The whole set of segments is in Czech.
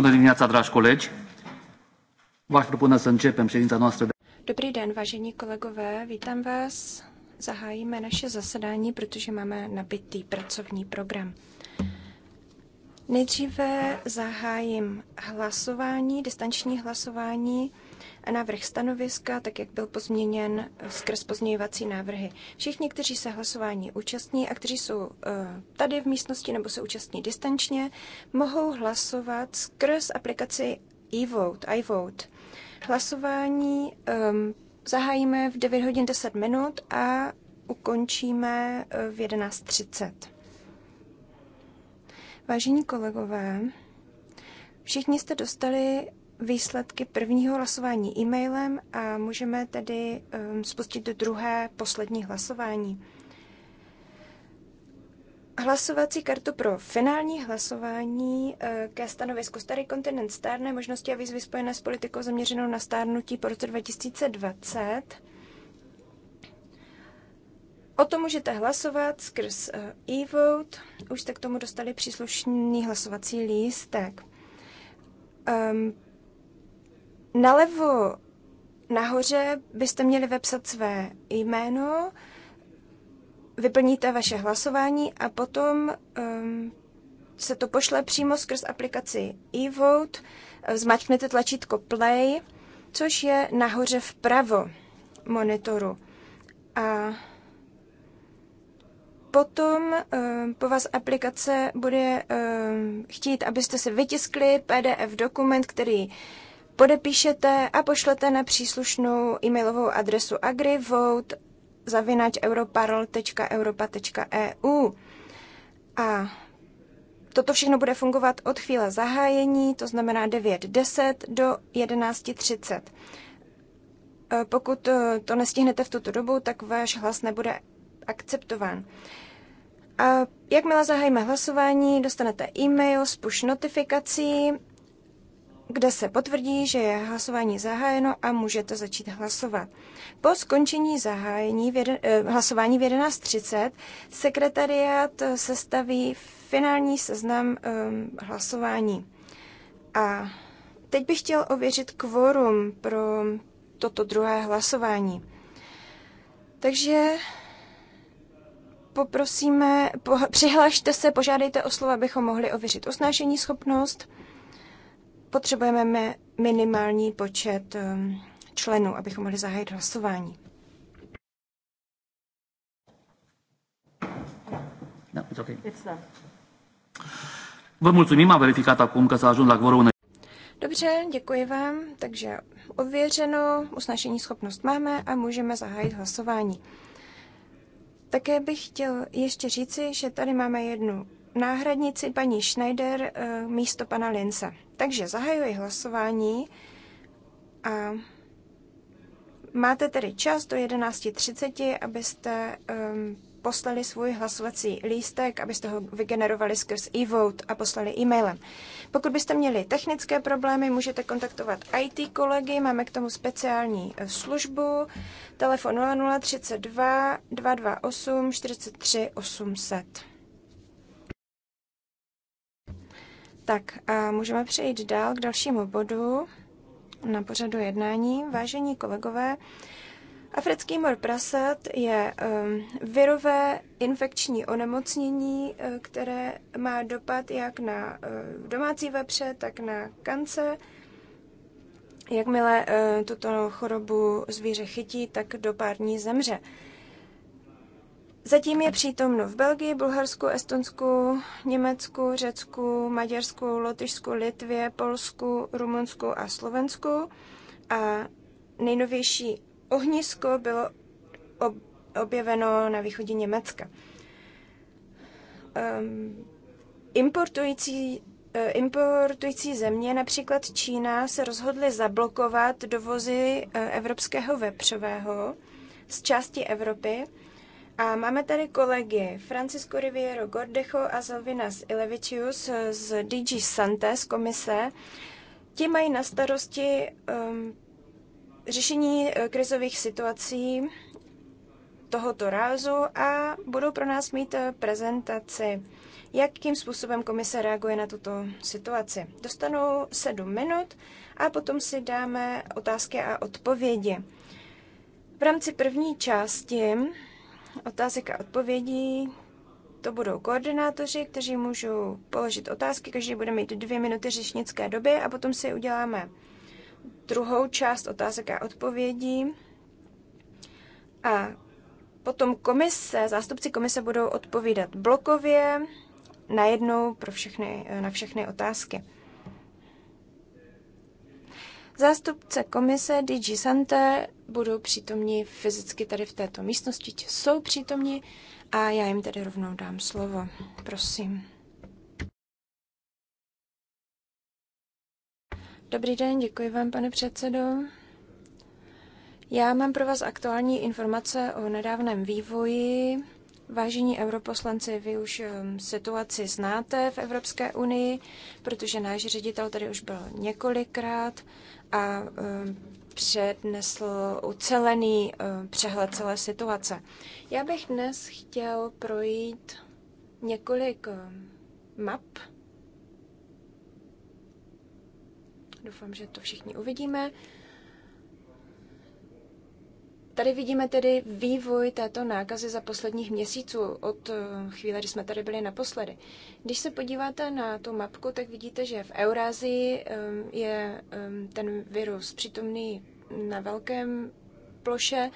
Bună dimineața, dragi colegi! V-aș propune să începem ședința noastră de... Dobrý den, vážení kolegové, vítám vás. Zahájíme naše zasedání, protože máme nabitý pracovní program. Nejdříve zahájím hlasování, distanční hlasování a návrh stanoviska, tak jak byl pozměněn skrz pozměňovací návrhy. Všichni, kteří se hlasování účastní a kteří jsou eh, tady v místnosti nebo se účastní distančně, mohou hlasovat skrz aplikaci e-vote, iVote. Hlasování um, zahájíme v 9 hodin 10 minut a ukončíme eh, v 11.30. Vážení kolegové, všichni jste dostali výsledky prvního hlasování e-mailem a můžeme tedy um, spustit do druhé poslední hlasování. Hlasovací kartu pro finální hlasování eh, ke stanovisku Starý kontinent stárné možnosti a výzvy spojené s politikou zaměřenou na stárnutí po roce 2020. O tom můžete hlasovat skrz eh, e-vote. Už jste k tomu dostali příslušný hlasovací lístek. Um, Nalevo nahoře byste měli vepsat své jméno, vyplníte vaše hlasování a potom um, se to pošle přímo skrz aplikaci eVote. Eh, zmačknete tlačítko Play, což je nahoře vpravo monitoru. A potom um, po vás aplikace bude um, chtít, abyste si vytiskli PDF dokument, který podepíšete a pošlete na příslušnou e-mailovou adresu agrivote.europarl.europa.eu. E a toto všechno bude fungovat od chvíle zahájení, to znamená 9.10 do 11.30. E, pokud e, to nestihnete v tuto dobu, tak váš hlas nebude akceptován. A jakmile zahájíme hlasování, dostanete e-mail s push notifikací kde se potvrdí, že je hlasování zahájeno a můžete začít hlasovat. Po skončení zahájení v jeden, eh, hlasování v 11.30 sekretariát sestaví finální seznam eh, hlasování. A teď bych chtěl ověřit kvorum pro toto druhé hlasování. Takže poprosíme, po, přihlašte se, požádejte o slovo, abychom mohli ověřit usnášení schopnost Potřebujeme minimální počet ehm, členů, abychom mohli zahájit hlasování. No, Vă mulțumim, am verificat acum că s-a ajuns la Dobře, děkuji vám. Takže ověřeno, usnášení schopnost máme a můžeme zahájit hlasování. Také bych chtěl ještě říci, že tady máme jednu náhradnici, paní Schneider, eh, místo pana Lince. Takže zahajuji hlasování a máte tedy čas do 11.30, abyste um, poslali svůj hlasovací lístek, abyste ho vygenerovali skrz e-vote a poslali e-mailem. Pokud byste měli technické problémy, můžete kontaktovat IT kolegy, máme k tomu speciální eh, službu, telefon 0032 228 43 800. Tak a můžeme přejít dál k dalšímu bodu na pořadu jednání. Vážení kolegové, africký mor prasat je um, virové infekční onemocnění, uh, které má dopad jak na uh, domácí vepře, tak na kance. Jakmile uh, tuto chorobu zvíře chytí, tak do pár dní zemře. Uh, Zatím je přítomno v Belgii, Bulharsku, Estonsku, Německu, Řecku, Maďarsku, Lotyšsku, Litvě, Polsku, Rumunsku a Slovensku. A nejnovější ohnisko bylo objeveno na východě Německa. Um, importující, uh, importující země, například Čína, se rozhodly zablokovat dovozy uh, evropského vepřového z části Evropy a máme tady kolegy Francisco Riviero Gordecho a Zalvinas Ilevičius eh, z DG Santé z komise. Ti mají na starosti um, řešení eh, krizových situací tohoto rázu a budou pro nás mít eh, prezentaci, jakým způsobem komise reaguje na tuto situaci. Dostanou sedm minut a potom si dáme otázky a odpovědi. V rámci první části otázek a odpovědí. To budou koordinátoři, kteří můžou položit otázky. Každý bude mít dvě minuty řečnické doby a potom si uděláme druhou část otázek a odpovědí. A potom komise, zástupci komise budou odpovídat blokově, najednou pro všechny, na všechny otázky. Zástupce komise DG Santé budou přítomní fyzicky tady v této místnosti, jsou přítomní a já jim tedy rovnou dám slovo. Prosím. Dobrý den, děkuji vám, pane předsedo. Já mám pro vás aktuální informace o nedávném vývoji. Vážení europoslanci, vy už um, situaci znáte v Evropské unii, protože náš ředitel tady už byl několikrát a e, přednesl ucelený e, přehled celé situace. Já bych dnes chtěl projít několik e, map. Doufám, že to všichni uvidíme. Tady vidíme tedy vývoj této nákazy za posledních měsíců, od eh, chvíle, kdy jsme tady byli naposledy. Když se podíváte na tu mapku, tak vidíte, že v Eurázii ehm, je ehm, ten virus přítomný na velkém ploše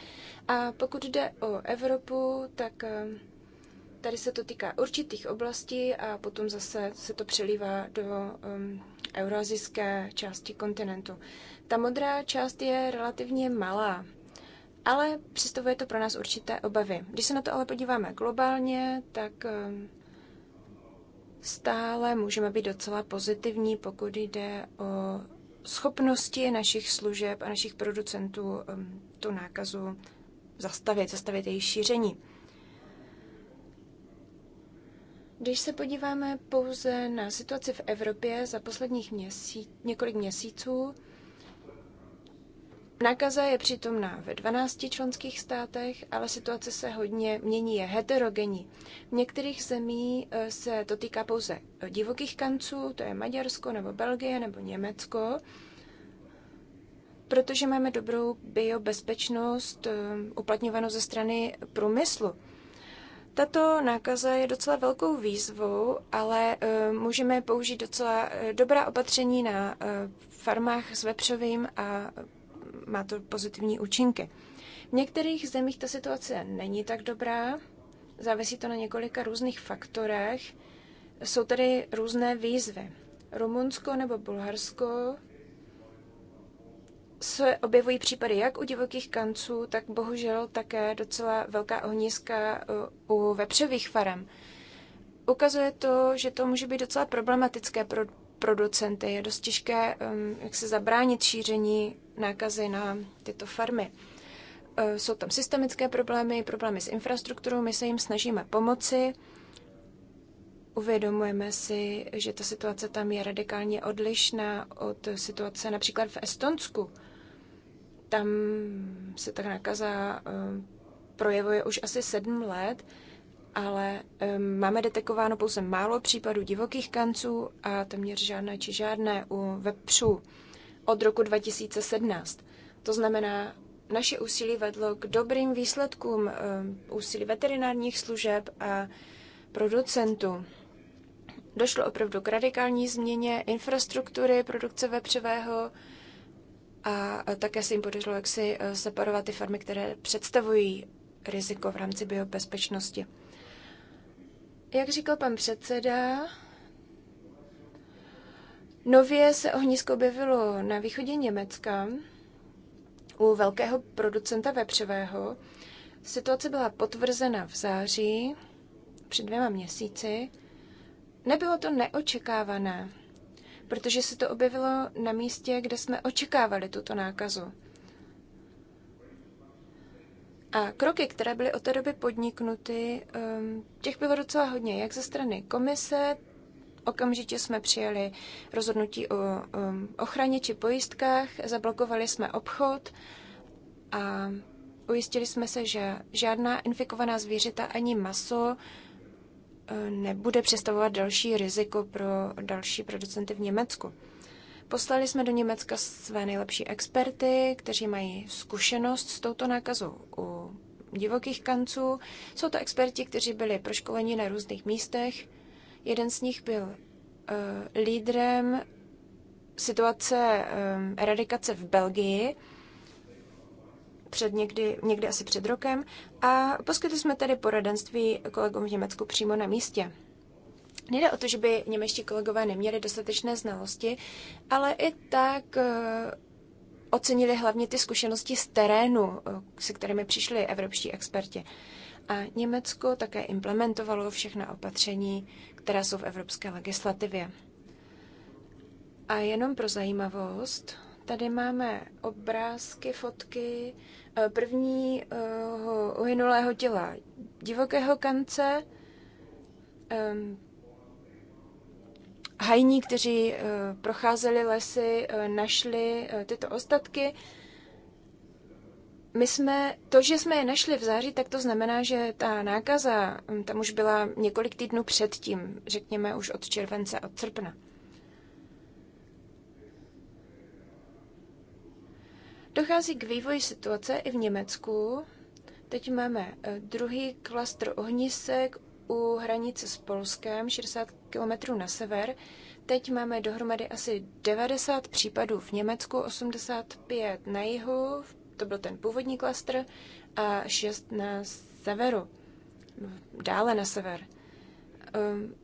a pokud jde o Evropu, tak ehm, tady se to týká určitých oblastí a potom zase se to přelívá do eurazijské části kontinentu. Ta modrá část je relativně malá ale představuje to pro nás určité obavy. Když se na to ale podíváme globálně, tak ehm, stále můžeme být docela pozitivní, pokud jde o schopnosti našich služeb a našich producentů ehm, tu nákazu zastavit, zastavit její šíření. Když se podíváme pouze na situaci v Evropě za posledních měsíc, několik měsíců, Nakaza je přítomná ve 12 členských státech, ale situace se hodně mění, je heterogenní. V některých zemí e, se to týká pouze e, divokých kanců, to je Maďarsko nebo Belgie nebo Německo, protože máme dobrou biobezpečnost e, uplatňovanou ze strany průmyslu. Tato nákaza je docela velkou výzvou, ale můžeme použít docela dobrá opatření na farmách s vepřovým a má to pozitivní účinky. V některých zemích ta situace není tak dobrá, závisí to na několika různých faktorech. Jsou tady různé výzvy. Rumunsko nebo Bulharsko se objevují případy jak u divokých kanců, tak bohužel také docela velká ohniska eh, u vepřových farem. Ukazuje to, že to může být docela problematické pro producenty. Je dost těžké, um, jak se zabránit šíření nákazy na tyto farmy. Uh, jsou tam systemické problémy, problémy s infrastrukturou, my se jim snažíme pomoci. Uvědomujeme si, že ta situace tam je radikálně odlišná od situace například v Estonsku. Tam se ta nákaza uh, projevuje už asi sedm let ale máme detekováno pouze málo případů divokých kanců a téměř žádné či žádné u vepřů od roku 2017. To znamená, naše úsilí vedlo k dobrým výsledkům úsilí veterinárních služeb a producentů. Došlo opravdu k radikální změně infrastruktury produkce vepřového a také se jim podařilo jaksi eh, separovat ty farmy, které představují riziko v rámci biobezpečnosti. Jak říkal pan předseda, nově se ohnisko objevilo na východě Německa u velkého producenta vepřového. Situace byla potvrzena v září, před dvěma měsíci. Nebylo to neočekávané, protože se to objevilo na místě, kde jsme očekávali tuto nákazu. A kroky, které byly od té doby podniknuty, ehm, těch bylo docela hodně, jak ze strany komise, Okamžitě jsme přijeli rozhodnutí o ehm, ochraně či pojistkách, zablokovali jsme obchod a ujistili jsme se, že žádná infikovaná zvířata ani maso ehm, nebude představovat další riziko pro další producenty v Německu. Poslali jsme do Německa své nejlepší experty, kteří mají zkušenost s touto nákazou u divokých kanců. Jsou to experti, kteří byli proškoleni na různých místech. Jeden z nich byl uh, lídrem situace um, eradikace v Belgii před někdy, někdy asi před rokem a poskytli jsme tedy poradenství kolegům v Německu přímo na místě. Nejde o to, že by němečtí kolegové neměli dostatečné znalosti, ale i tak eh, ocenili hlavně ty zkušenosti z terénu, eh, se kterými přišli evropští experti. A Německo také implementovalo všechna opatření, která jsou v evropské legislativě. A jenom pro zajímavost, tady máme obrázky, fotky eh, prvního uhynulého těla divokého kance, hajní, kteří eh, procházeli lesy, eh, našli eh, tyto ostatky. My jsme, to, že jsme je našli v září, tak to znamená, že ta nákaza hm, tam už byla několik týdnů předtím, řekněme už od července, od srpna. Dochází k vývoji situace i v Německu. Teď máme druhý klastr ohnisek, u hranice s Polskem, 60 km na sever. Teď máme dohromady asi 90 případů v Německu, 85 na jihu, to byl ten původní klastr, a 6 na severu, dále na sever. Ehm,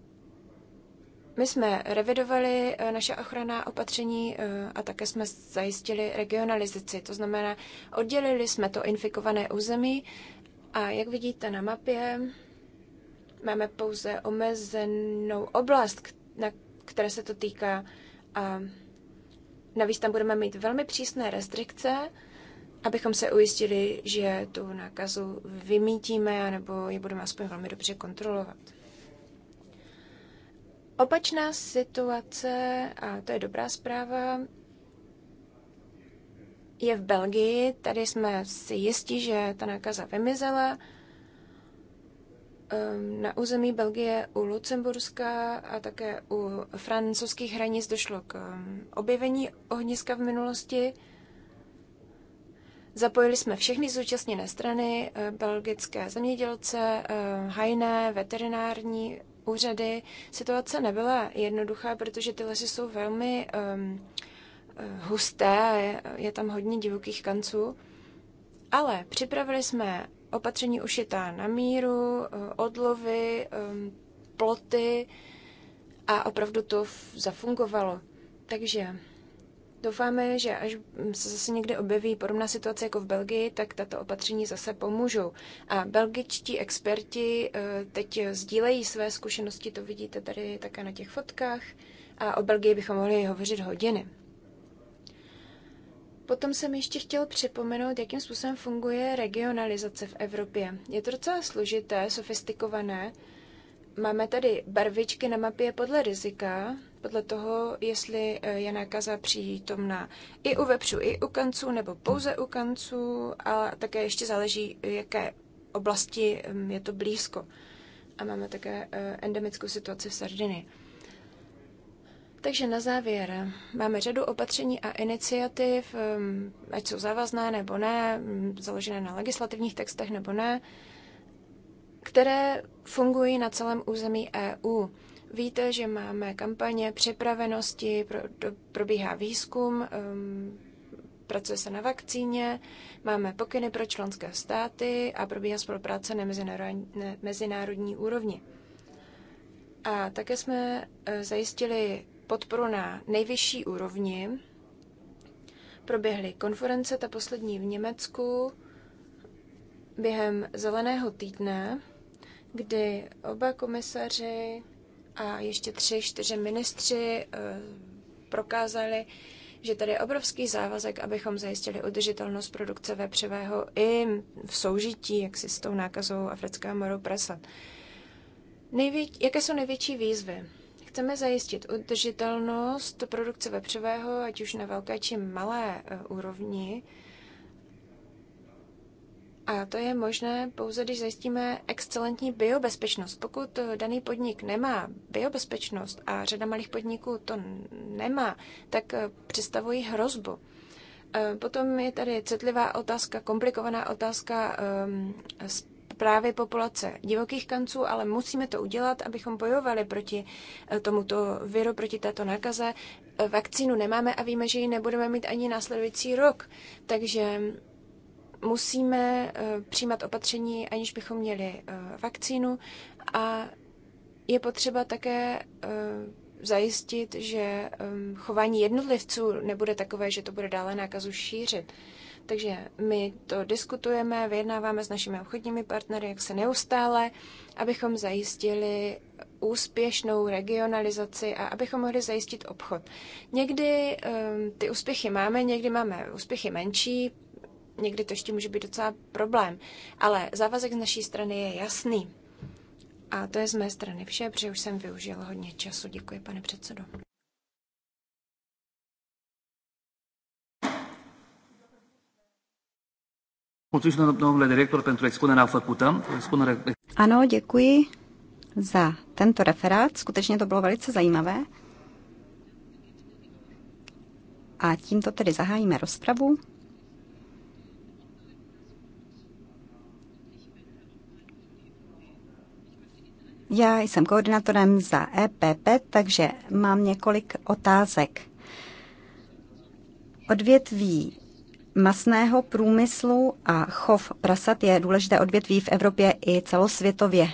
my jsme revidovali eh, naše ochranná opatření eh, a také jsme zajistili regionalizaci, to znamená, oddělili jsme to infikované území a jak vidíte na mapě, máme pouze omezenou oblast, na které se to týká. A navíc tam budeme mít velmi přísné restrikce, abychom se ujistili, že tu nákazu vymítíme nebo ji budeme aspoň velmi dobře kontrolovat. Opačná situace, a to je dobrá zpráva, je v Belgii. Tady jsme si jistí, že ta nákaza vymizela. Ehm, na území Belgie u Lucemburska a také u francouzských hranic došlo k ehm, objevení ohniska v minulosti. Zapojili jsme všechny zúčastněné strany, eh, belgické zemědělce, eh, hajné, veterinární úřady. Situace nebyla jednoduchá, protože ty lesy jsou velmi um, husté, je tam hodně divokých kanců. Ale připravili jsme opatření ušitá na míru, eh, odlovy, eh, ploty a opravdu to zafungovalo. Takže doufáme, že až se zase někde objeví podobná situace jako v Belgii, tak tato opatření zase pomůžou. A belgičtí experti eh, teď sdílejí své zkušenosti, to vidíte tady také na těch fotkách. A o Belgii bychom mohli hovořit hodiny. Potom jsem ještě chtěl připomenout, jakým způsobem funguje regionalizace v Evropě. Je to docela složité, sofistikované. Máme tady barvičky na mapě podle rizika, podle toho, jestli eh, je nákaza přítomná i u vepřů, i u kanců, nebo pouze u kanců, a také ještě záleží, jaké oblasti mm, je to blízko. A máme také eh, endemickou situaci v Sardinii. Takže na závěr máme řadu opatření a iniciativ, um, ať jsou závazné nebo ne, um, založené na legislativních textech nebo ne, které fungují na celém území EU. Víte, že máme kampaně připravenosti, probíhá výzkum, um, pracuje se na vakcíně, máme pokyny pro členské státy a probíhá spolupráce na mezinárodní úrovni. A také jsme eh, zajistili podporu na nejvyšší úrovni. Proběhly konference, ta poslední v Německu, během zeleného týdne, kdy oba komisaři a ještě tři, čtyři ministři eh, prokázali, že tady je obrovský závazek, abychom zajistili udržitelnost produkce vepřového i v soužití, jak si s tou nákazou afrického moru prasat. Největ, jaké jsou největší výzvy? Chceme zajistit udržitelnost produkce vepřového, ať už na velké či malé e, úrovni. A to je možné pouze, když zajistíme excelentní biobezpečnost. Pokud daný podnik nemá biobezpečnost a řada malých podniků to nemá, tak e, představují hrozbu. E, potom je tady citlivá otázka, komplikovaná otázka právě populace divokých kanců, ale musíme to udělat, abychom bojovali proti eh, tomuto viru, proti této nákaze. Eh, vakcínu nemáme a víme, že ji nebudeme mít ani následující rok. Takže musíme eh, přijímat opatření, aniž bychom měli vakcínu a je potřeba také zajistit, že chování jednotlivců nebude takové, že to bude dále nákazu šířit. Takže my to diskutujeme, vyjednáváme s našimi obchodními partnery, jak se neustále, abychom zajistili úspěšnou regionalizaci a abychom mohli zajistit obchod. Někdy um, ty úspěchy máme, někdy máme úspěchy menší, někdy to ještě může být docela problém, ale závazek z naší strany je jasný. A to je z mé strany vše, protože už jsem využil hodně času. Děkuji, pane předsedo. Mulțumim, domnule director, pentru expunerea făcută. Expunere... Ano, děkuji za tento referát. Skutečně to bylo velice zajímavé. A tímto tedy zahájíme rozpravu. Já jsem koordinátorem za EPP, takže mám několik otázek. Odvětví masného průmyslu a chov prasat je důležité odvětví v Evropě i celosvětově.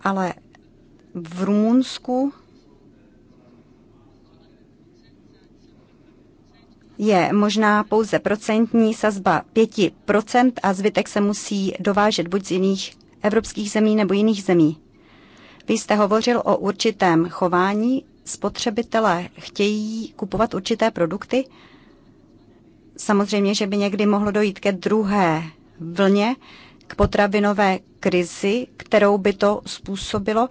Ale v Rumunsku je možná pouze procentní sazba 5% a zbytek se musí dovážet buď z jiných evropských zemí nebo jiných zemí. Vy jste hovořil o určitém chování, spotřebitelé chtějí kupovat určité produkty, samozřejmě, že by někdy mohlo dojít ke druhé vlně, k potravinové krizi, kterou by to způsobilo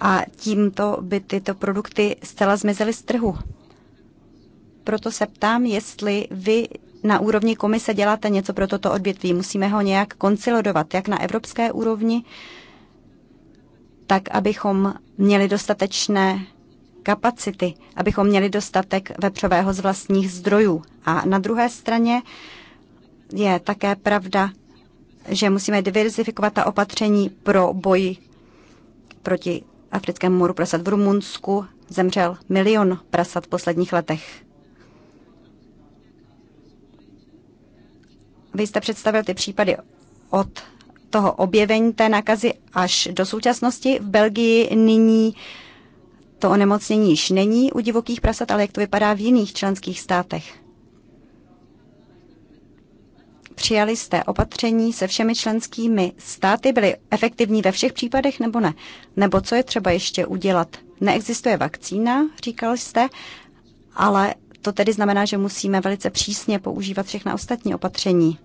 a tímto by tyto produkty zcela zmizely z trhu. Proto se ptám, jestli vy na úrovni komise děláte něco pro toto odvětví. Musíme ho nějak koncilodovat, jak na evropské úrovni, tak abychom měli dostatečné kapacity, abychom měli dostatek vepřového z vlastních zdrojů. A na druhé straně je také pravda, že musíme diverzifikovat ta opatření pro boj proti africkému moru prasat. V Rumunsku zemřel milion prasat v posledních letech. Vy jste představil ty případy od toho objevení té nákazy až do současnosti. V Belgii nyní uh, to onemocnění již není u divokých prasat, ale jak to vypadá v jiných členských státech. Přijali jste opatření se všemi členskými státy? Byly efektivní ve všech případech nebo ne? Nebo co je třeba ještě udělat? Neexistuje vakcína, říkal jste, ale to tedy znamená, že musíme velice přísně používat všechna ostatní opatření.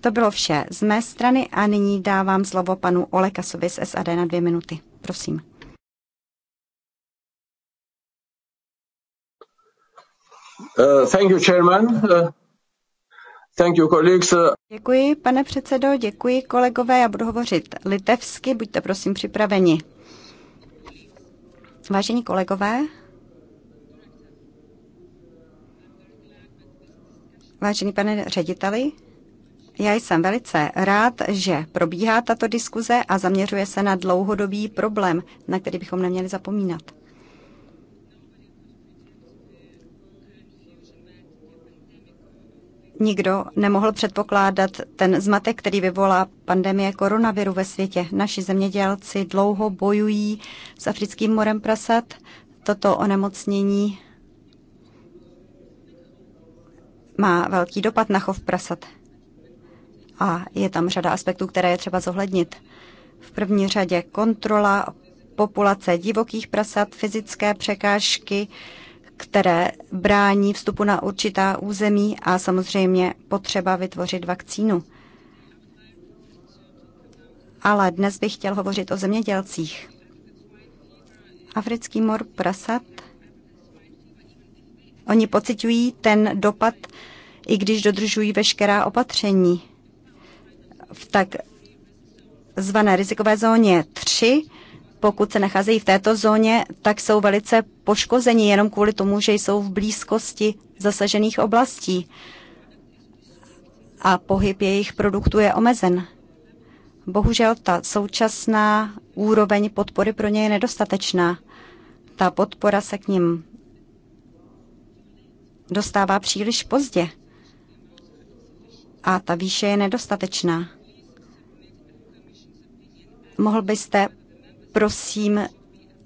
To bylo vše z mé strany a nyní dávám slovo panu Olekasovi z SAD na dvě minuty. Prosím. Uh, thank you, Chairman. Uh, thank you, colleagues. Uh, děkuji, pane předsedo, děkuji, kolegové. Já budu hovořit litevsky, buďte prosím připraveni. Vážení kolegové, vážený pane řediteli, já jsem velice rád, že probíhá tato diskuze a zaměřuje se na dlouhodobý problém, na který bychom neměli zapomínat. Nikdo nemohl předpokládat ten zmatek, který vyvolá pandemie koronaviru ve světě. Naši zemědělci dlouho bojují s africkým morem prasat. Toto onemocnění má velký dopad na chov prasat. A je tam řada aspektů, které je třeba zohlednit. V první řadě kontrola populace divokých prasat, fyzické překážky, které brání vstupu na určitá území a samozřejmě potřeba vytvořit vakcínu. Ale dnes bych chtěl hovořit o zemědělcích. Africký mor prasat, oni pocitují ten dopad, i když dodržují veškerá opatření. V tak zvané rizikové zóně 3 pokud se nacházejí v této zóně, tak jsou velice poškozeni jenom kvůli tomu, že jsou v blízkosti zasažených oblastí a pohyb jejich produktů je omezen. Bohužel ta současná úroveň podpory pro ně je nedostatečná. Ta podpora se k ním dostává příliš pozdě a ta výše je nedostatečná. Mohl byste prosím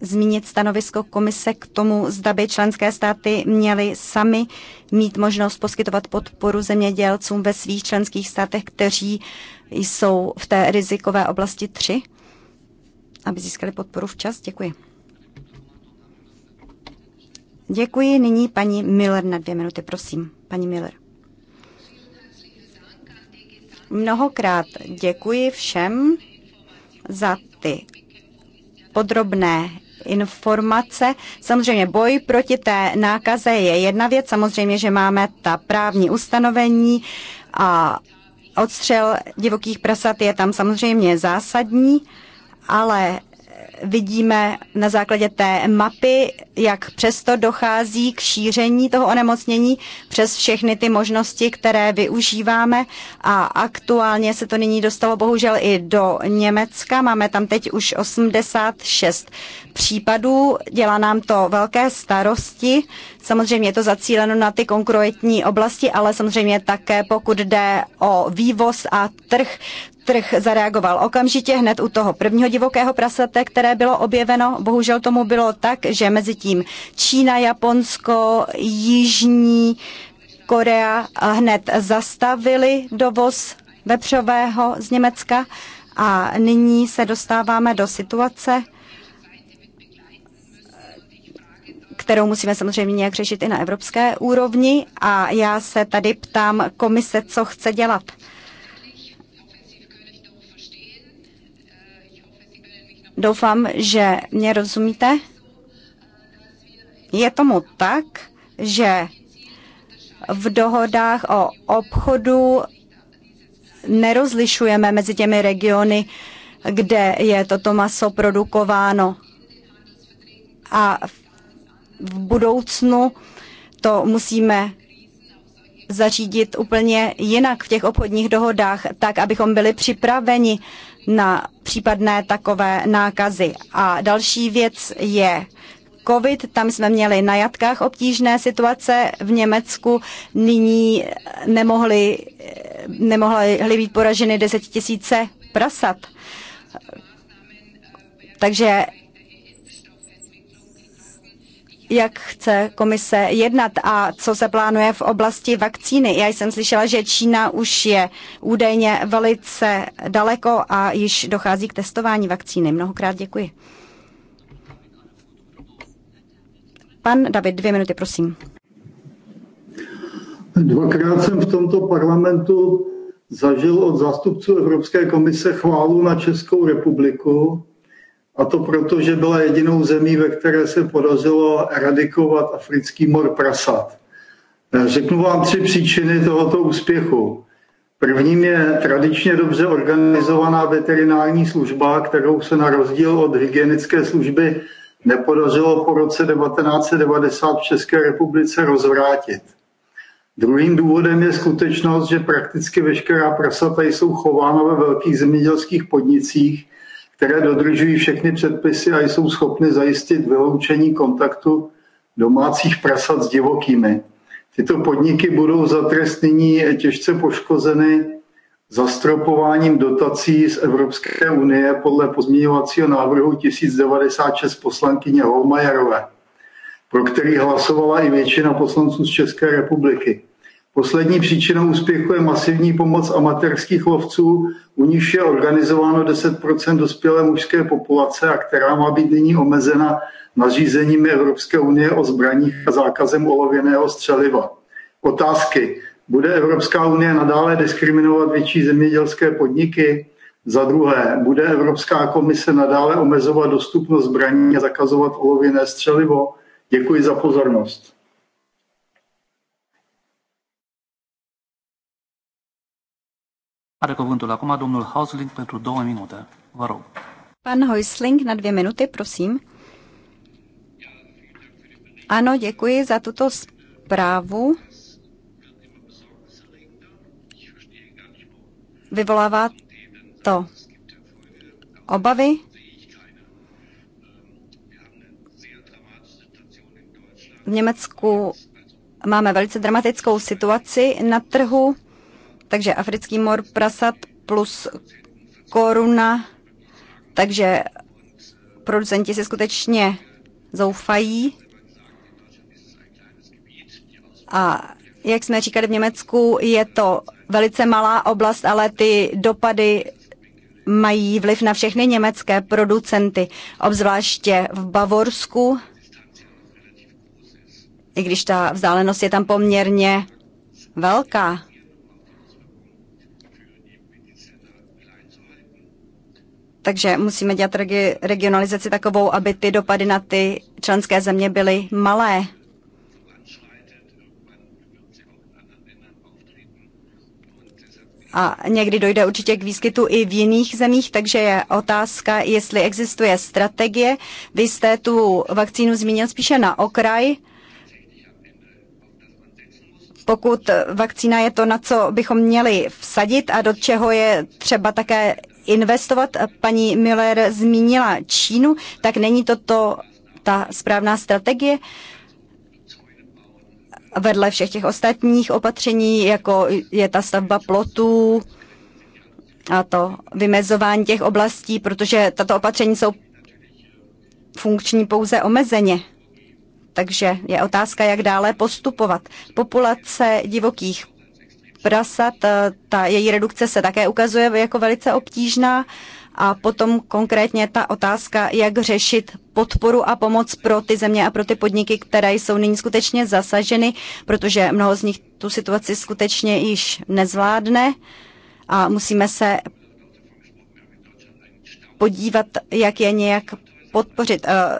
zmínit stanovisko komise k tomu, zda by členské státy měly sami mít možnost poskytovat podporu zemědělcům ve svých členských státech, kteří jsou v té rizikové oblasti 3, aby získali podporu včas. Děkuji. Děkuji. Nyní paní Miller na dvě minuty, prosím. Paní Miller. Mnohokrát děkuji všem za ty podrobné informace. Samozřejmě boj proti té nákaze je jedna věc, samozřejmě, že máme ta právní ustanovení a odstřel divokých prasat je tam samozřejmě zásadní, ale vidíme na základě té mapy, jak přesto dochází k šíření toho onemocnění přes všechny ty možnosti, které využíváme a aktuálně se to nyní dostalo bohužel i do Německa. Máme tam teď už 86 případů, dělá nám to velké starosti. Samozřejmě je to zacíleno na ty konkrétní oblasti, ale samozřejmě také pokud jde o vývoz a trh, trh zareagoval okamžitě hned u toho prvního divokého prasete, které bylo objeveno. Bohužel tomu bylo tak, že mezi tím Čína, Japonsko, Jižní Korea hned zastavili dovoz vepřového z Německa a nyní se dostáváme do situace, kterou musíme samozřejmě nějak řešit i na evropské úrovni. A já se tady ptám komise, co chce dělat. Doufám, že mě rozumíte. Je tomu tak, že v dohodách o obchodu nerozlišujeme mezi těmi regiony, kde je toto maso produkováno. A v budoucnu to musíme zařídit úplně jinak v těch obchodních dohodách, tak abychom byli připraveni na případné takové nákazy. A další věc je COVID, tam jsme měli na jatkách obtížné situace v Německu, nyní eh, nemohly, eh, nemohli být poraženy 10 prasat. Takže jak chce komise jednat a co se plánuje v oblasti vakcíny. Já jsem slyšela, že Čína už je údajně velice daleko a již dochází k testování vakcíny. Mnohokrát děkuji. Pan David, dvě minuty, prosím. Dvakrát jsem v tomto parlamentu zažil od zástupců Evropské komise chválu na Českou republiku a to proto, že byla jedinou zemí, ve které se podařilo eradikovat africký mor prasat. E, řeknu vám tři příčiny tohoto úspěchu. Prvním je tradičně dobře organizovaná veterinární služba, kterou se na rozdíl od hygienické služby nepodařilo po roce 1990 v České republice rozvrátit. Druhým důvodem je skutečnost, že prakticky veškerá prasata jsou chována ve velkých zemědělských podnicích, které dodržují všechny předpisy a jsou schopny zajistit vyloučení kontaktu domácích prasat s divokými. Tyto podniky budou za trest nyní těžce poškozeny zastropováním dotací z Evropské unie podle pozměňovacího návrhu 1096 poslankyně Holmajerové, pro který hlasovala i většina poslanců z České republiky. Poslední příčinou úspěchu je masivní pomoc amatérských lovců, u níž je organizováno 10 dospělé mužské populace a která má být nyní omezena nařízeními Evropské unie o zbraních a zákazem olověného střeliva. Otázky. Bude Evropská unie nadále diskriminovat větší zemědělské podniky? Za druhé, bude Evropská komise nadále omezovat dostupnost zbraní a zakazovat olověné střelivo? Děkuji za pozornost. Are cuvântul acum domnul Hausling pentru două minute. Vă rog. Pan Hausling, na dvě minuty, prosím. Ano, děkuji za tuto zprávu. Vyvolává to obavy. V Německu máme velice dramatickou situaci na trhu takže africký mor prasat plus koruna, takže producenti se skutečně zoufají. A jak jsme říkali v Německu, je to velice malá oblast, ale ty dopady mají vliv na všechny německé producenty, obzvláště v Bavorsku, i když ta vzdálenost je tam poměrně velká. Takže musíme dělat regi- regionalizaci takovou, aby ty dopady na ty členské země byly malé. A někdy dojde určitě k výskytu i v jiných zemích, takže je otázka, jestli existuje strategie. Vy jste tu vakcínu zmínil spíše na okraj pokud vakcína je to, na co bychom měli vsadit a do čeho je třeba také investovat. Paní Miller zmínila Čínu, tak není toto ta správná strategie? Vedle všech těch ostatních opatření, jako je ta stavba plotů a to vymezování těch oblastí, protože tato opatření jsou funkční pouze omezeně. Takže je otázka, jak dále postupovat. Populace divokých prasat, eh, ta její redukce se také ukazuje jako velice obtížná. A potom konkrétně ta otázka, jak řešit podporu a pomoc pro ty země a pro ty podniky, které jsou nyní skutečně zasaženy, protože mnoho z nich tu situaci skutečně již nezvládne a musíme se podívat, jak je nějak podpořit. Eh,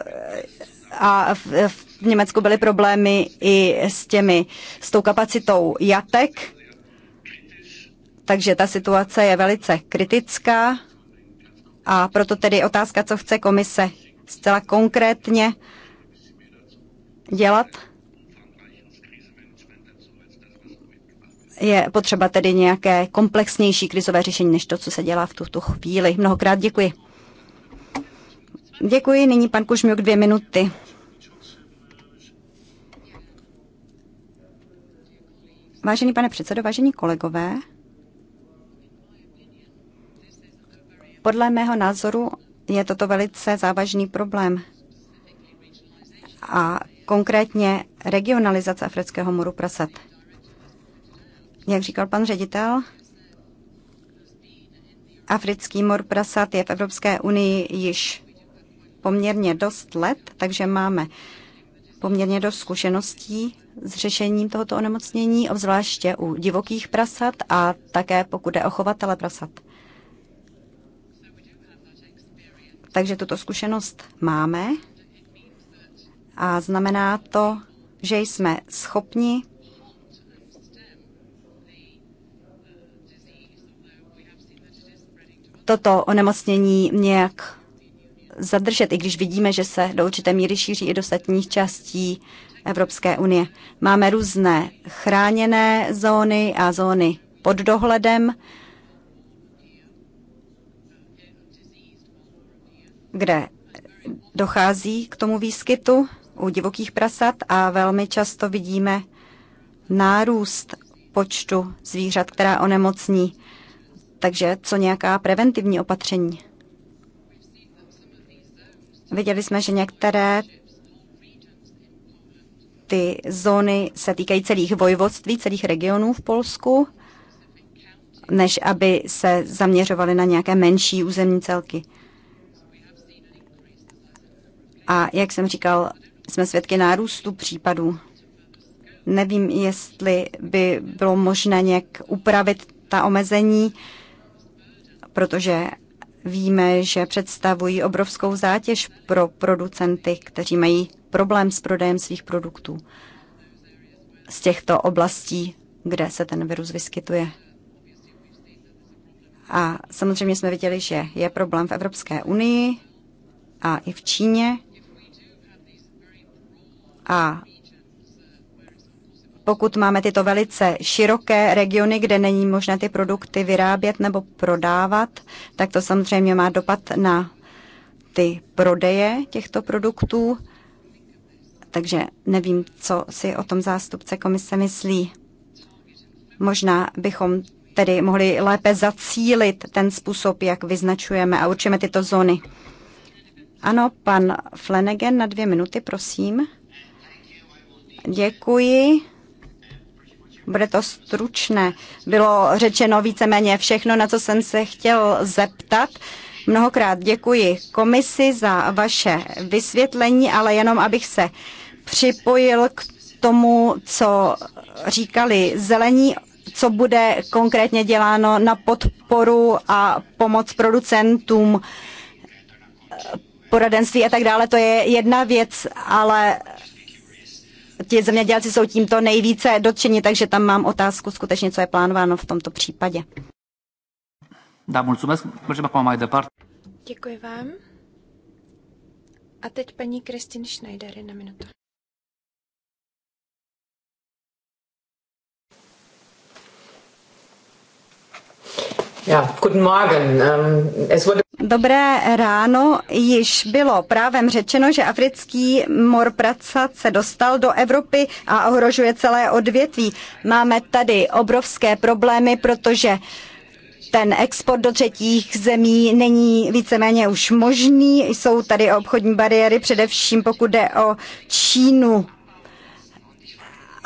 a v Německu byly problémy i s těmi, s tou kapacitou jatek, takže ta situace je velice kritická a proto tedy otázka, co chce komise zcela konkrétně dělat. Je potřeba tedy nějaké komplexnější krizové řešení, než to, co se dělá v tuto chvíli. Mnohokrát děkuji. Děkuji. Nyní pan Kušmiuk dvě minuty. Vážený pane předsedo, vážení kolegové, Podle mého názoru je toto velice závažný problém. A konkrétně regionalizace afrického moru prasat. Jak říkal pan ředitel, africký mor prasat je v Evropské unii již poměrně dost let, takže máme poměrně dost zkušeností s řešením tohoto onemocnění, obzvláště u divokých prasat a také pokud je o chovatele prasat. Takže tuto zkušenost máme a znamená to, že jsme schopni toto onemocnění nějak zadržet, i když vidíme, že se do určité míry šíří i do ostatních částí Evropské unie. Máme různé chráněné zóny a zóny pod dohledem. kde dochází k tomu výskytu u divokých prasat a velmi často vidíme nárůst počtu zvířat, která onemocní. Takže co nějaká preventivní opatření? Viděli jsme, že některé ty zóny se týkají celých vojvodství, celých regionů v Polsku, než aby se zaměřovaly na nějaké menší územní celky. A jak jsem říkal, jsme svědky nárůstu případů. Nevím, jestli by bylo možné nějak upravit ta omezení, protože víme, že představují obrovskou zátěž pro producenty, kteří mají problém s prodejem svých produktů z těchto oblastí, kde se ten virus vyskytuje. A samozřejmě jsme viděli, že je problém v Evropské unii a i v Číně. A pokud máme tyto velice široké regiony, kde není možné ty produkty vyrábět nebo prodávat, tak to samozřejmě má dopad na ty prodeje těchto produktů. Takže nevím, co si o tom zástupce komise myslí. Možná bychom tedy mohli lépe zacílit ten způsob, jak vyznačujeme a určíme tyto zóny. Ano, pan Flanagan na dvě minuty, prosím. Děkuji. Bude to stručné. Bylo řečeno víceméně všechno, na co jsem se chtěl zeptat. Mnohokrát děkuji komisi za vaše vysvětlení, ale jenom abych se připojil k tomu, co říkali zelení, co bude konkrétně děláno na podporu a pomoc producentům poradenství a tak dále, to je jedna věc, ale ti zemědělci jsou tímto nejvíce dotčeni, takže tam mám otázku skutečně, co je plánováno v tomto případě. Da, mulțumesc. můžeme pak mai departe. Děkuji vám. A teď paní Kristin Schneider na minutu. Ähm, Dobré ráno. Již bylo právem řečeno, že africký mor pracat se dostal do Evropy a ohrožuje celé odvětví. Máme tady obrovské problémy, protože ten export do třetích zemí není víceméně už možný. Jsou tady obchodní bariéry, především pokud jde o Čínu.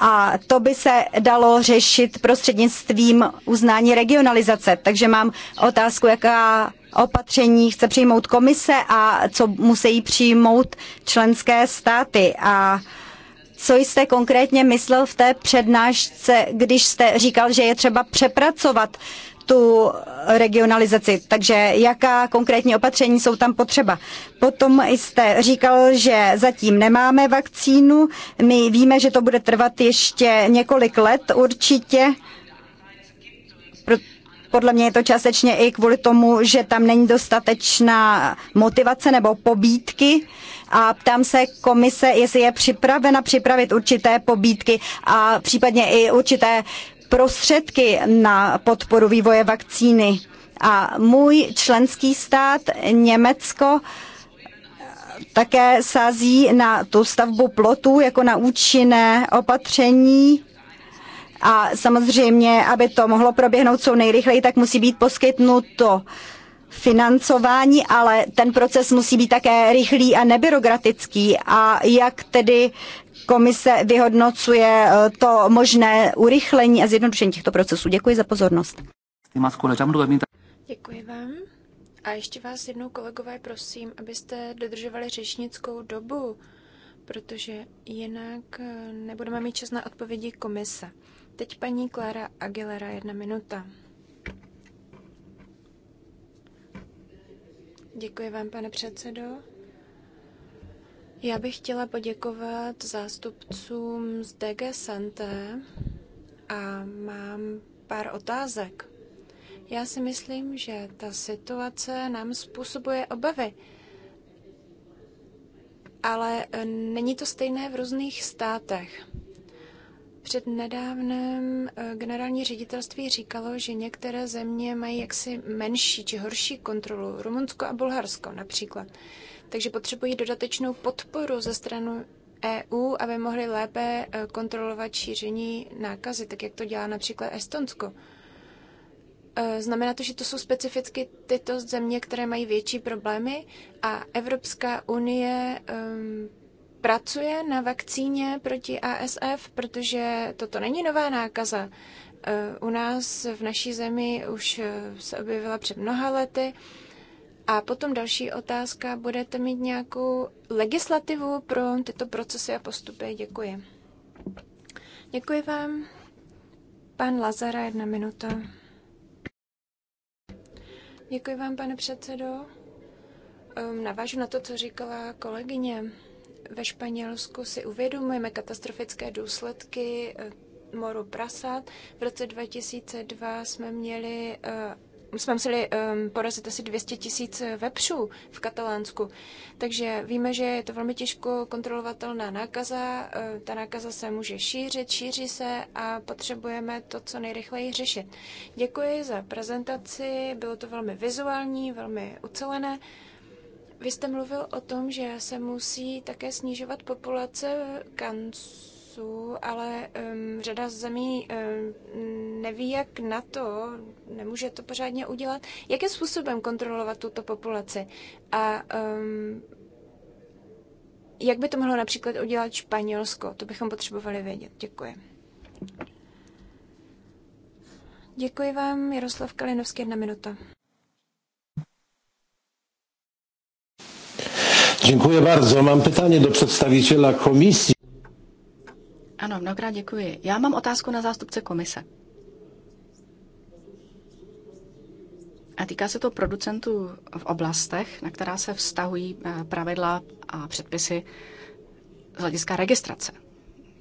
A to by se dalo řešit prostřednictvím uznání regionalizace. Takže mám otázku, jaká opatření chce přijmout komise a co musí přijmout členské státy. A co jste konkrétně myslel v té přednášce, když jste říkal, že je třeba přepracovat tu regionalizaci. Takže jaká konkrétní opatření jsou tam potřeba? Potom jste říkal, že zatím nemáme vakcínu. My víme, že to bude trvat ještě několik let určitě. Podle mě je to částečně i kvůli tomu, že tam není dostatečná motivace nebo pobídky a ptám se komise, jestli je připravena připravit určité pobídky a případně i určité prostředky na podporu vývoje vakcíny. A můj členský stát Německo také sází na tu stavbu plotů jako na účinné opatření. A samozřejmě, aby to mohlo proběhnout co nejrychleji, tak musí být poskytnuto financování, ale ten proces musí být také rychlý a nebyrokratický. A jak tedy komise vyhodnocuje eh, to možné urychlení a zjednodušení těchto procesů? Děkuji za pozornost. Děkuji vám. A ještě vás jednou, kolegové, prosím, abyste dodržovali řečnickou dobu, protože jinak eh, nebudeme mít čas na odpovědi komise. Teď paní Klára Aguilera, jedna minuta. Děkuji vám, pane předsedo. Já bych chtěla poděkovat zástupcům z DG Santé a mám pár otázek. Já si myslím, že ta situace nám způsobuje obavy, ale eh, není to stejné v různých státech před nedávnem eh, generální ředitelství říkalo, že některé země mají jaksi menší či horší kontrolu, Rumunsko a Bulharsko například. Takže potřebují dodatečnou podporu ze strany EU, aby mohli lépe eh, kontrolovat šíření nákazy, tak jak to dělá například Estonsko. Eh, znamená to, že to jsou specificky tyto země, které mají větší problémy a Evropská unie um, pracuje na vakcíně proti ASF, protože toto není nová nákaza. Eh, u nás v naší zemi už eh, se objevila před mnoha lety. A potom další otázka, budete mít nějakou legislativu pro tyto procesy a postupy? Děkuji. Děkuji vám. Pan Lazara, jedna minuta. Děkuji vám, pane předsedo. Ehm, navážu na to, co říkala kolegyně ve Španělsku si uvědomujeme katastrofické důsledky eh, moru prasat. V roce 2002 jsme měli eh, jsme museli um, porazit asi 200 tisíc vepřů v Katalánsku. Takže víme, že je to velmi těžko kontrolovatelná nákaza. Uh, ta nákaza se může šířit, šíří se a potřebujeme to co nejrychleji řešit. Děkuji za prezentaci, bylo to velmi vizuální, velmi ucelené. Vy jste mluvil o tom, že se musí také snižovat populace kanců, ale um, řada zemí um, neví, jak na to, nemůže to pořádně udělat. Jakým způsobem kontrolovat tuto populaci? A um, jak by to mohlo například udělat Španělsko? To bychom potřebovali vědět. Děkuji. Děkuji vám, Jaroslav Kalinovský, jedna minuta. Dziękuję bardzo. Mam pytanie do przedstawiciela komisji. Ano, mnohokrát děkuji. Já mám otázku na zástupce komise. A týká se to producentů v oblastech, na která se vztahují eh, pravidla a předpisy z hlediska registrace.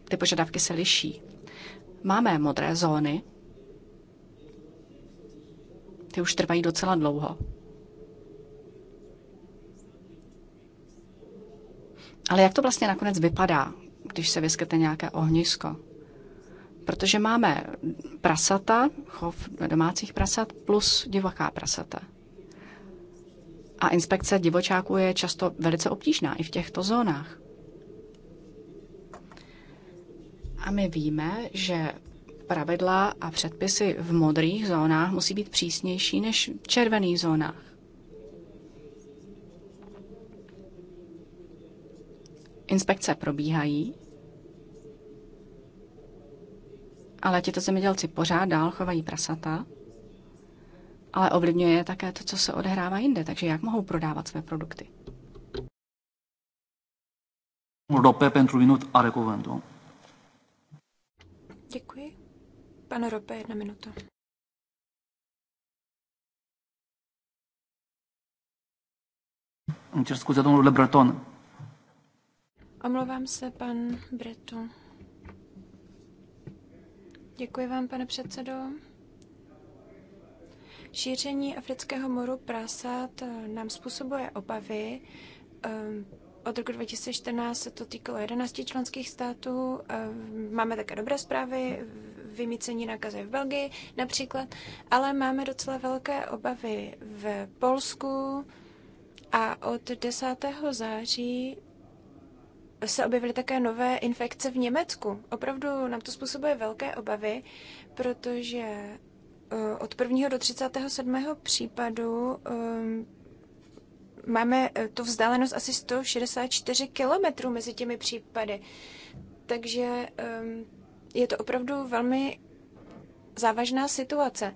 Ty požadavky se liší. Máme modré zóny, ty už trvají docela dlouho. Ale jak to vlastně nakonec vypadá, když se vyskytne nějaké ohnisko? Protože máme prasata, chov domácích prasat plus divoká prasata. A inspekce divočáků je často velice obtížná i v těchto zónách. A my víme, že pravidla a předpisy v modrých zónách musí být přísnější než v červených zónách. Inspekce probíhají, ale tito zemědělci pořád dál chovají prasata, ale ovlivňuje je také to, co se odehrává jinde, takže jak mohou prodávat své produkty. Rope pentru minut are cuvântul. Děkuji. Pane Rope, jedna minuta. Îmi cer scuze, domnule Breton. Omlouvám se, pan Bretu. Děkuji vám, pane předsedo. Šíření afrického moru prasat eh, nám způsobuje obavy. Eh, od roku 2014 se to týkalo 11 členských států. Eh, máme také dobré zprávy, vymícení nákazy v Belgii například, ale máme docela velké obavy v Polsku a od 10. září se objevily také nové infekce v Německu. Opravdu nám to způsobuje velké obavy, protože eh, od 1. do 37. případu eh, máme eh, tu vzdálenost asi 164 kilometrů mezi těmi případy. Takže je to opravdu velmi závažná situace.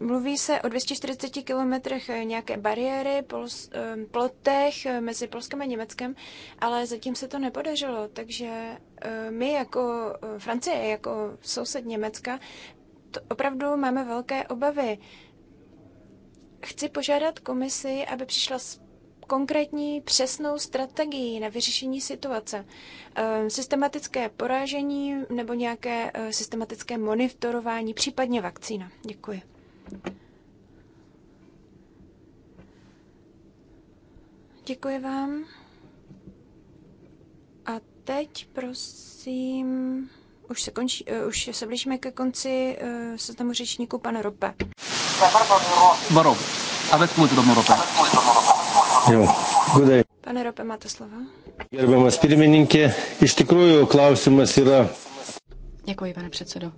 Mluví se o 240 kilometrech eh, nějaké bariéry, pols, eh, plotech eh, mezi Polskem a Německem, ale zatím se to nepodařilo, takže my jako Francie, jako soused Německa, to opravdu máme velké obavy. Chci požádat komisi, aby přišla s konkrétní přesnou strategii na vyřešení situace. Systematické porážení nebo nějaké systematické monitorování, případně vakcína. Děkuji. Děkuji vám. A teď prosím, už se, končí, uh, už se blížíme ke konci uh, seznamu řečníků pan Rope. Barov, aveți mulțumit, Rope. Jo, gudai. Pane Rope, máte slovo. Gerbiamas pirmininkė, iš tikrųjų klausimas yra. Děkuji, pane předsedo.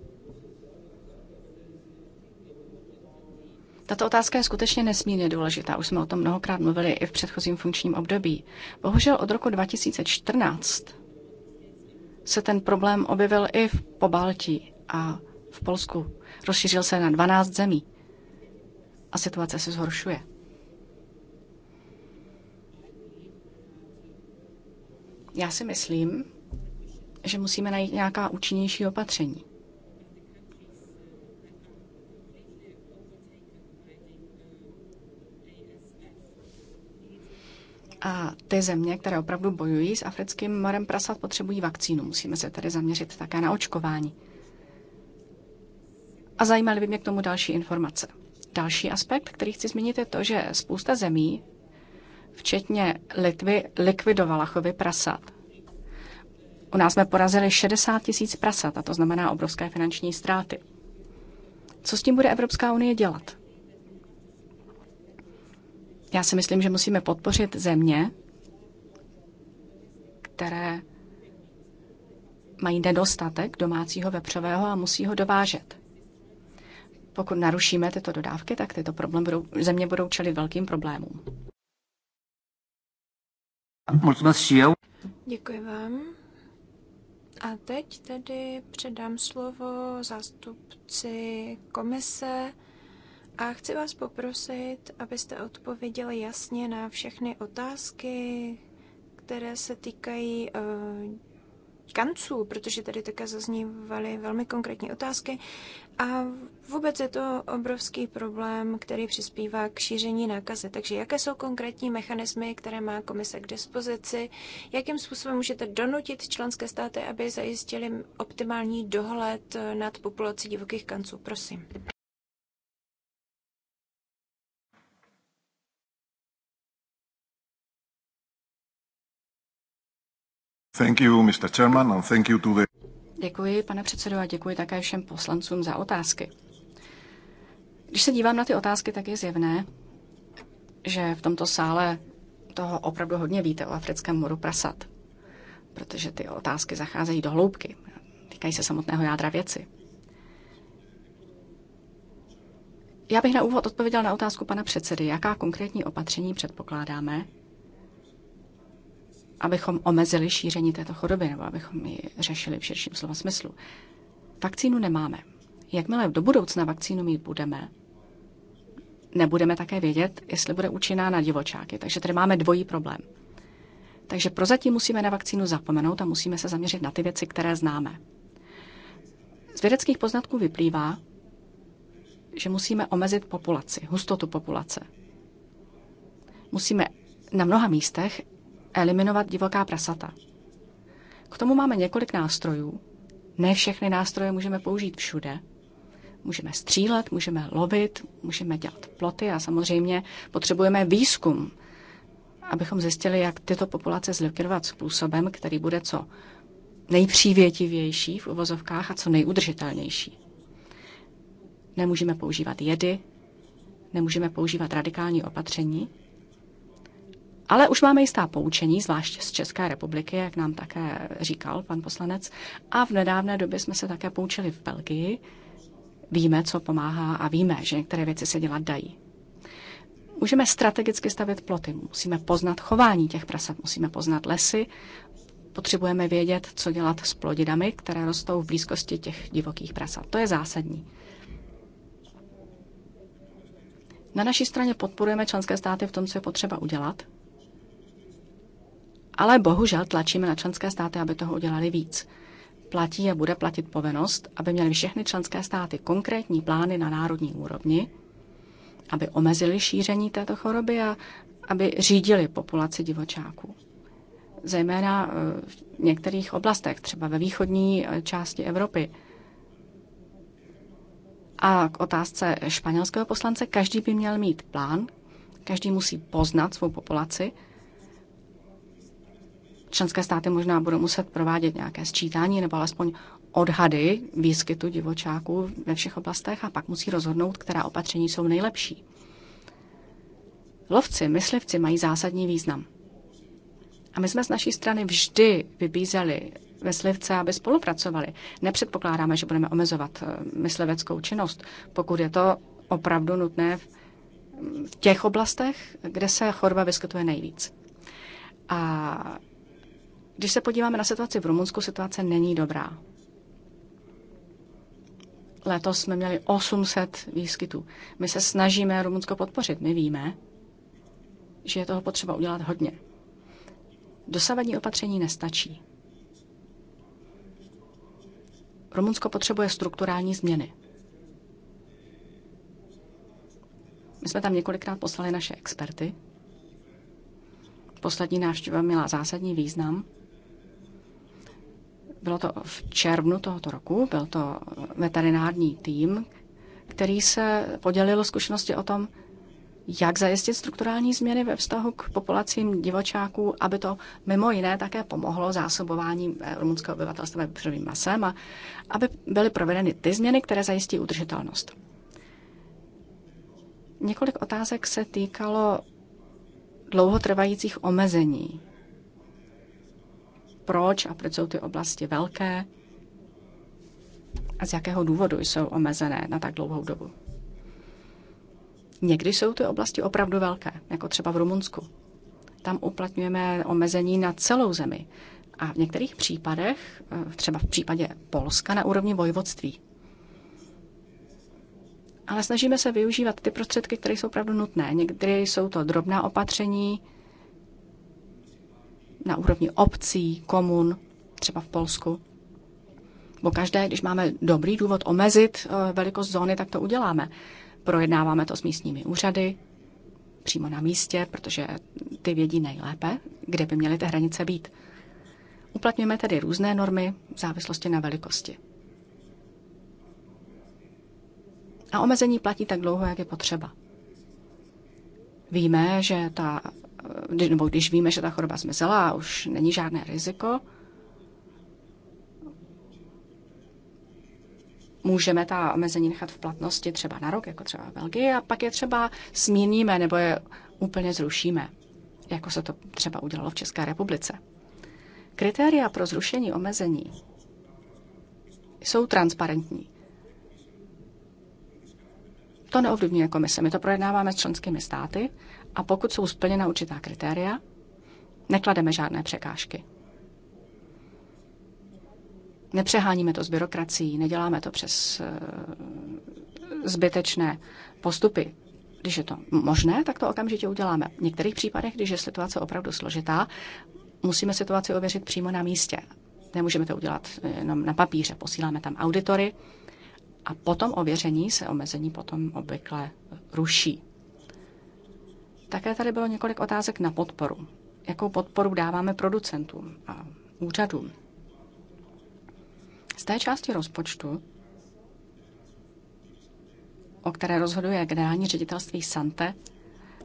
Tato otázka je skutečně nesmírně důležitá, už jsme o tom mnohokrát mluvili i v předchozím funkčním období. Bohužel od roku 2014 se ten problém objevil i v Pobaltí a v Polsku. Rozšířil se na 12 zemí a situace se zhoršuje. Já si myslím, že musíme najít nějaká účinnější opatření. A ty země, které opravdu bojují s africkým morem prasat, potřebují vakcínu. Musíme se tedy zaměřit také na očkování. A zajímaly by mě k tomu další informace. Další aspekt, který chci zmínit, je to, že spousta zemí, včetně Litvy, likvidovala chovy prasat. U nás jsme porazili 60 tisíc prasat, a to znamená obrovské finanční ztráty. Co s tím bude Evropská unie dělat? Já si myslím, že musíme podpořit země, které mají nedostatek domácího vepřového a musí ho dovážet. Pokud narušíme tyto dodávky, tak tyto problém budou, země budou čelit velkým problémům. Děkuji vám. A teď tedy předám slovo zástupci komise a chci vás poprosit, abyste odpověděli jasně na všechny otázky, které se týkají uh, kanců, protože tady také zaznívaly velmi konkrétní otázky. A vůbec je to obrovský problém, který přispívá k šíření nákazy. Takže jaké jsou konkrétní mechanismy, které má komise k dispozici? Jakým způsobem můžete donutit členské státy, aby zajistili optimální dohled nad populací divokých kanců? Prosím. Thank you, Mr. Chairman, and thank you to the... Děkuji, pane předsedo, a děkuji také všem poslancům za otázky. Když se dívám na ty otázky, tak je zjevné, že v tomto sále toho opravdu hodně víte o africkém moru prasat, protože ty otázky zacházejí do hloubky, týkají se samotného jádra věci. Já bych na úvod odpověděl na otázku pana předsedy, jaká konkrétní opatření předpokládáme, abychom omezili šíření této choroby nebo abychom ji řešili v širším slova smyslu. Vakcínu nemáme. Jakmile do budoucna vakcínu mít budeme, nebudeme také vědět, jestli bude účinná na divočáky. Takže tady máme dvojí problém. Takže prozatím musíme na vakcínu zapomenout a musíme se zaměřit na ty věci, které známe. Z vědeckých poznatků vyplývá, že musíme omezit populaci, hustotu populace. Musíme na mnoha místech eliminovat divoká prasata. K tomu máme několik nástrojů. Ne všechny nástroje můžeme použít všude. Můžeme střílet, můžeme lovit, můžeme dělat ploty a samozřejmě potřebujeme výzkum, abychom zjistili, jak tyto populace zlikvidovat způsobem, který bude co nejpřívětivější v uvozovkách a co nejudržitelnější. Nemůžeme používat jedy, nemůžeme používat radikální opatření, ale už máme jistá poučení, zvlášť z České republiky, jak nám také říkal pan poslanec. A v nedávné době jsme se také poučili v Belgii. Víme, co pomáhá a víme, že některé věci se dělat dají. Můžeme strategicky stavět ploty, musíme poznat chování těch prasat, musíme poznat lesy, potřebujeme vědět, co dělat s plodinami, které rostou v blízkosti těch divokých prasat. To je zásadní. Na naší straně podporujeme členské státy v tom, co je potřeba udělat, ale bohužel tlačíme na členské státy, aby toho udělali víc. Platí a bude platit povinnost, aby měly všechny členské státy konkrétní plány na národní úrovni, aby omezili šíření této choroby a aby řídili populaci divočáků. Zejména eh, v některých oblastech, třeba ve východní eh, části Evropy. A k otázce španělského poslance, každý by měl mít plán, každý musí poznat svou populaci, členské státy možná budou muset provádět nějaké sčítání nebo alespoň odhady výskytu divočáků ve všech oblastech a pak musí rozhodnout, která opatření jsou nejlepší. Lovci, myslivci mají zásadní význam. A my jsme z naší strany vždy vybízeli myslivce, aby spolupracovali. Nepředpokládáme, že budeme omezovat eh, mysliveckou činnost, pokud je to opravdu nutné v těch oblastech, kde se chorba vyskytuje nejvíc. A když se podíváme na situaci v Rumunsku, situace není dobrá. Letos jsme měli 800 výskytů. My se snažíme Rumunsko podpořit. My víme, že je toho potřeba udělat hodně. Dosavadní opatření nestačí. Rumunsko potřebuje strukturální změny. My jsme tam několikrát poslali naše experty. Poslední návštěva měla zásadní význam, bylo to v červnu tohoto roku, byl to veterinární tým, který se podělil zkušenosti o tom, jak zajistit strukturální změny ve vztahu k populacím divočáků, aby to mimo jiné také pomohlo zásobování eh, rumunského obyvatelstva vepřovým masem a aby byly provedeny ty změny, které zajistí udržitelnost. Několik otázek se týkalo dlouhotrvajících omezení proč a proč jsou ty oblasti velké a z jakého důvodu jsou omezené na tak dlouhou dobu. Někdy jsou ty oblasti opravdu velké, jako třeba v Rumunsku. Tam uplatňujeme omezení na celou zemi a v některých případech, eh, třeba v případě Polska, na úrovni vojvodství. Ale snažíme se využívat ty prostředky, které jsou opravdu nutné. Někdy jsou to drobná opatření, na úrovni obcí, komun, třeba v Polsku. Bo každé, když máme dobrý důvod omezit eh, velikost zóny, tak to uděláme. Projednáváme to s místními úřady, přímo na místě, protože ty vědí nejlépe, kde by měly ty hranice být. Uplatňujeme tedy různé normy v závislosti na velikosti. A omezení platí tak dlouho, jak je potřeba. Víme, že ta nebo když víme, že ta choroba zmizela a už není žádné riziko, můžeme ta omezení nechat v platnosti třeba na rok, jako třeba v Belgii, a pak je třeba smíníme nebo je úplně zrušíme, jako se to třeba udělalo v České republice. Kritéria pro zrušení omezení jsou transparentní. To neovlivňuje komise. My to projednáváme s členskými státy a pokud jsou splněna určitá kritéria, neklademe žádné překážky. Nepřeháníme to s byrokracií, neděláme to přes eh, zbytečné postupy. Když je to možné, tak to okamžitě uděláme. V některých případech, když je situace opravdu složitá, musíme situaci ověřit přímo na místě. Nemůžeme to udělat eh, jenom na papíře. Posíláme tam auditory a potom ověření se omezení potom obvykle ruší. Také tady bylo několik otázek na podporu. Jakou podporu dáváme producentům a úřadům? Z té části rozpočtu, o které rozhoduje generální ředitelství Sante,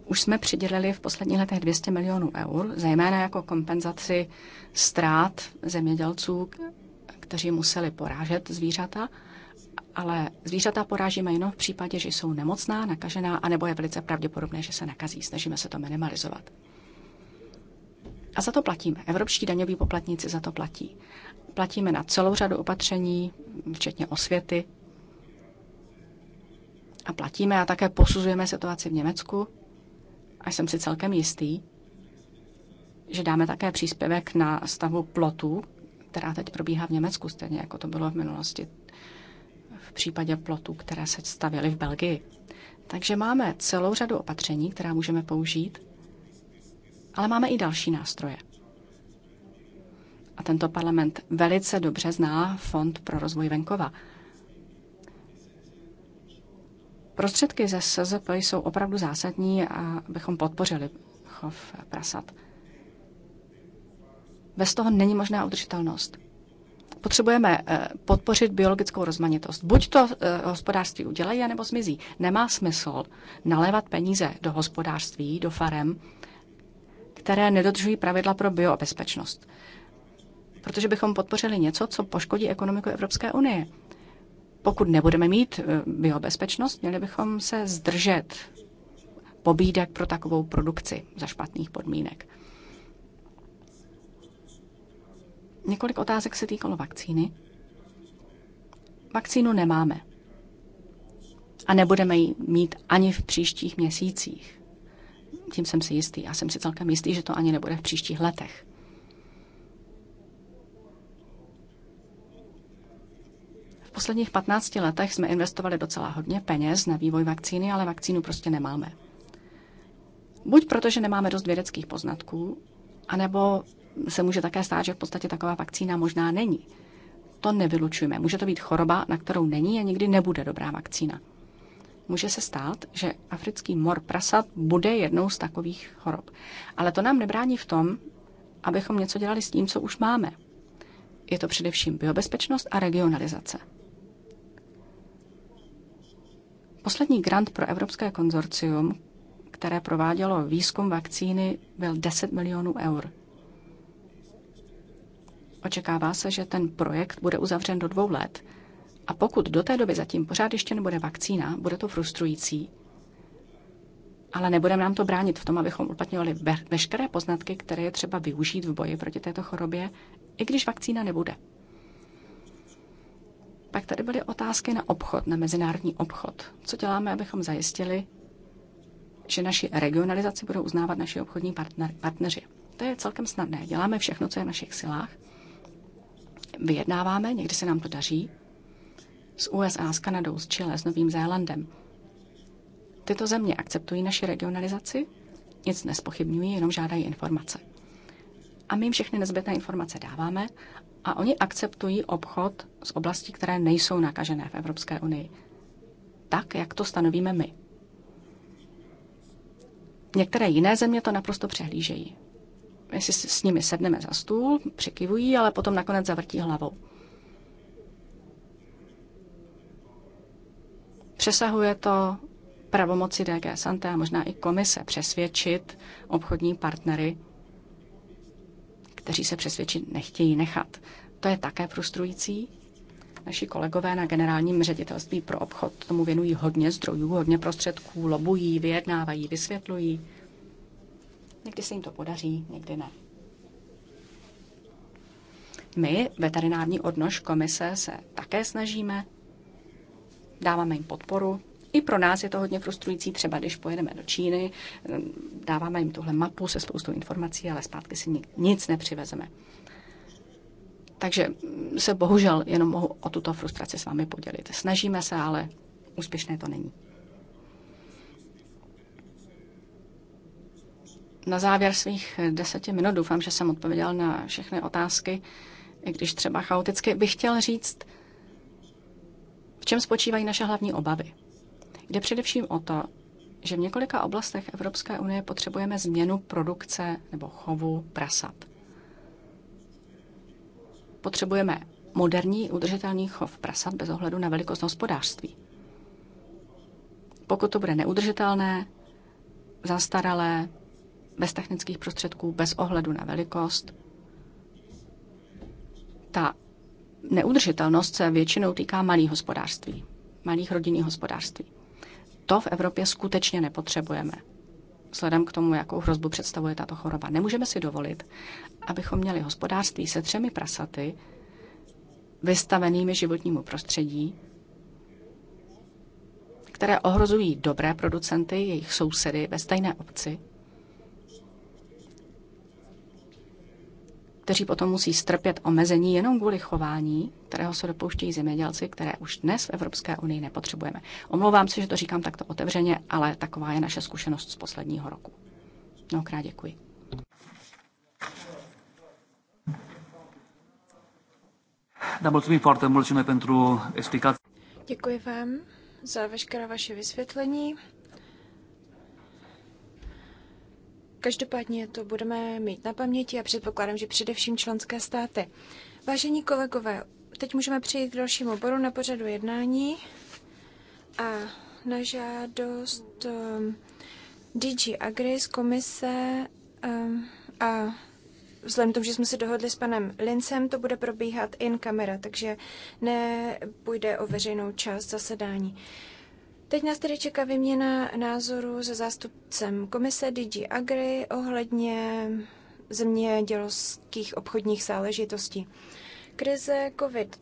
už jsme přidělili v posledních letech 200 milionů eur, zejména jako kompenzaci ztrát zemědělců, kteří museli porážet zvířata ale zvířata porážíme jenom v případě, že jsou nemocná, nakažená, anebo je velice pravděpodobné, že se nakazí. Snažíme se to minimalizovat. A za to platíme. Evropští daňoví poplatníci za to platí. Platíme na celou řadu opatření, včetně osvěty. A platíme a také posuzujeme situaci v Německu. A jsem si celkem jistý, že dáme také příspěvek na stavu plotů, která teď probíhá v Německu, stejně jako to bylo v minulosti v případě plotů, které se stavěly v Belgii. Takže máme celou řadu opatření, která můžeme použít, ale máme i další nástroje. A tento parlament velice dobře zná Fond pro rozvoj venkova. Prostředky ze SZP jsou opravdu zásadní, a abychom podpořili chov prasat. Bez toho není možná udržitelnost. Potřebujeme eh, podpořit biologickou rozmanitost. Buď to eh, hospodářství udělají, nebo zmizí. Nemá smysl nalévat peníze do hospodářství, do farem, které nedodržují pravidla pro biobezpečnost. Protože bychom podpořili něco, co poškodí ekonomiku Evropské unie. Pokud nebudeme mít eh, biobezpečnost, měli bychom se zdržet pobídek pro takovou produkci za špatných podmínek. Několik otázek se týkalo vakcíny. Vakcínu nemáme. A nebudeme ji mít ani v příštích měsících. Tím jsem si jistý. Já jsem si celkem jistý, že to ani nebude v příštích letech. V posledních 15 letech jsme investovali docela hodně peněz na vývoj vakcíny, ale vakcínu prostě nemáme. Buď protože nemáme dost vědeckých poznatků, anebo se může také stát, že v podstatě taková vakcína možná není. To nevylučujeme. Může to být choroba, na kterou není a nikdy nebude dobrá vakcína. Může se stát, že africký mor prasat bude jednou z takových chorob. Ale to nám nebrání v tom, abychom něco dělali s tím, co už máme. Je to především biobezpečnost a regionalizace. Poslední grant pro Evropské konzorcium, které provádělo výzkum vakcíny, byl 10 milionů eur. Očekává se, že ten projekt bude uzavřen do dvou let. A pokud do té doby zatím pořád ještě nebude vakcína, bude to frustrující. Ale nebudeme nám to bránit v tom, abychom uplatňovali veškeré poznatky, které je třeba využít v boji proti této chorobě, i když vakcína nebude. Pak tady byly otázky na obchod, na mezinárodní obchod. Co děláme, abychom zajistili, že naši regionalizaci budou uznávat naši obchodní partner, partneři? To je celkem snadné. Děláme všechno, co je v našich silách – vyjednáváme, někdy se nám to daří, s USA, s Kanadou, s Chile, s Novým Zélandem. Tyto země akceptují naši regionalizaci, nic nespochybňují, jenom žádají informace. A my jim všechny nezbytné informace dáváme a oni akceptují obchod z oblastí, které nejsou nakažené v Evropské unii. Tak, jak to stanovíme my. Některé jiné země to naprosto přehlížejí si s nimi sedneme za stůl, přikivují, ale potom nakonec zavrtí hlavou. Přesahuje to pravomoci DG Santé a možná i komise přesvědčit obchodní partnery, kteří se přesvědčit nechtějí nechat. To je také frustrující. Naši kolegové na generálním ředitelství pro obchod tomu věnují hodně zdrojů, hodně prostředků, lobují, vyjednávají, vysvětlují. Někdy se jim to podaří, někdy ne. My, veterinární odnož komise, se také snažíme, dáváme jim podporu. I pro nás je to hodně frustrující, třeba když pojedeme do Číny, dáváme jim tuhle mapu se spoustou informací, ale zpátky si nic nepřivezeme. Takže se bohužel jenom mohu o tuto frustraci s vámi podělit. Snažíme se, ale úspěšné to není. na závěr svých deseti minut, doufám, že jsem odpověděl na všechny otázky, i když třeba chaoticky, bych chtěl říct, v čem spočívají naše hlavní obavy. Jde především o to, že v několika oblastech Evropské unie potřebujeme změnu produkce nebo chovu prasat. Potřebujeme moderní udržitelný chov prasat bez ohledu na velikost hospodářství. Pokud to bude neudržitelné, zastaralé, bez technických prostředků, bez ohledu na velikost. Ta neudržitelnost se většinou týká malých hospodářství, malých rodinných hospodářství. To v Evropě skutečně nepotřebujeme. Vzhledem k tomu, jakou hrozbu představuje tato choroba, nemůžeme si dovolit, abychom měli hospodářství se třemi prasaty, vystavenými životnímu prostředí, které ohrozují dobré producenty, jejich sousedy ve stejné obci kteří potom musí strpět omezení jenom kvůli chování, kterého se dopouštějí zemědělci, které už dnes v Evropské unii nepotřebujeme. Omlouvám se, že to říkám takto otevřeně, ale taková je naše zkušenost z posledního roku. Mnohokrát děkuji. Děkuji vám za veškeré vaše vysvětlení. Každopádně to budeme mít na paměti a předpokládám, že především členské státy. Vážení kolegové, teď můžeme přejít k dalšímu oboru na pořadu jednání a na žádost um, DG Agri z komise um, a vzhledem k tomu, že jsme se dohodli s panem Lincem, to bude probíhat in kamera, takže nepůjde o veřejnou část zasedání. Uh, Teď nás tedy čeká vyměna názoru se zástupcem komise DG Agri ohledně zemědělských obchodních záležitostí. Krize COVID